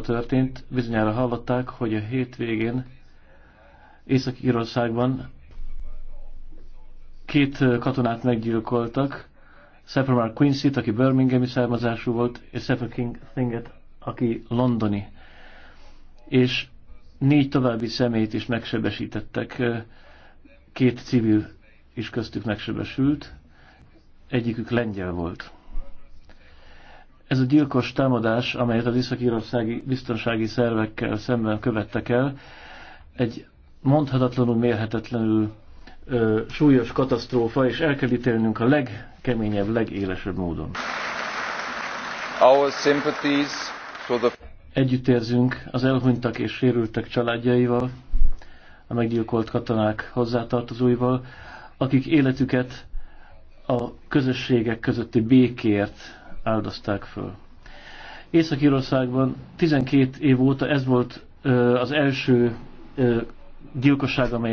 történt. Bizonyára hallották, hogy a hétvégén Észak-Írországban két katonát meggyilkoltak, Sephora quincy aki Birminghami származású volt, és Sephora King Thinget, aki londoni. És négy további személyt is megsebesítettek, két civil is köztük megsebesült, egyikük lengyel volt. Ez a gyilkos támadás, amelyet az iszak írországi biztonsági szervekkel szemben követtek el, egy mondhatatlanul mérhetetlenül ö, súlyos katasztrófa, és el kell ítélnünk a legkeményebb, legélesebb módon. Our sympathies the... Együttérzünk az elhunytak és sérültek családjaival, a meggyilkolt katonák hozzátartozóival, akik életüket a közösségek közötti békért áldozták föl. Észak-Írországban 12 év óta ez volt az első gyilkosság, amely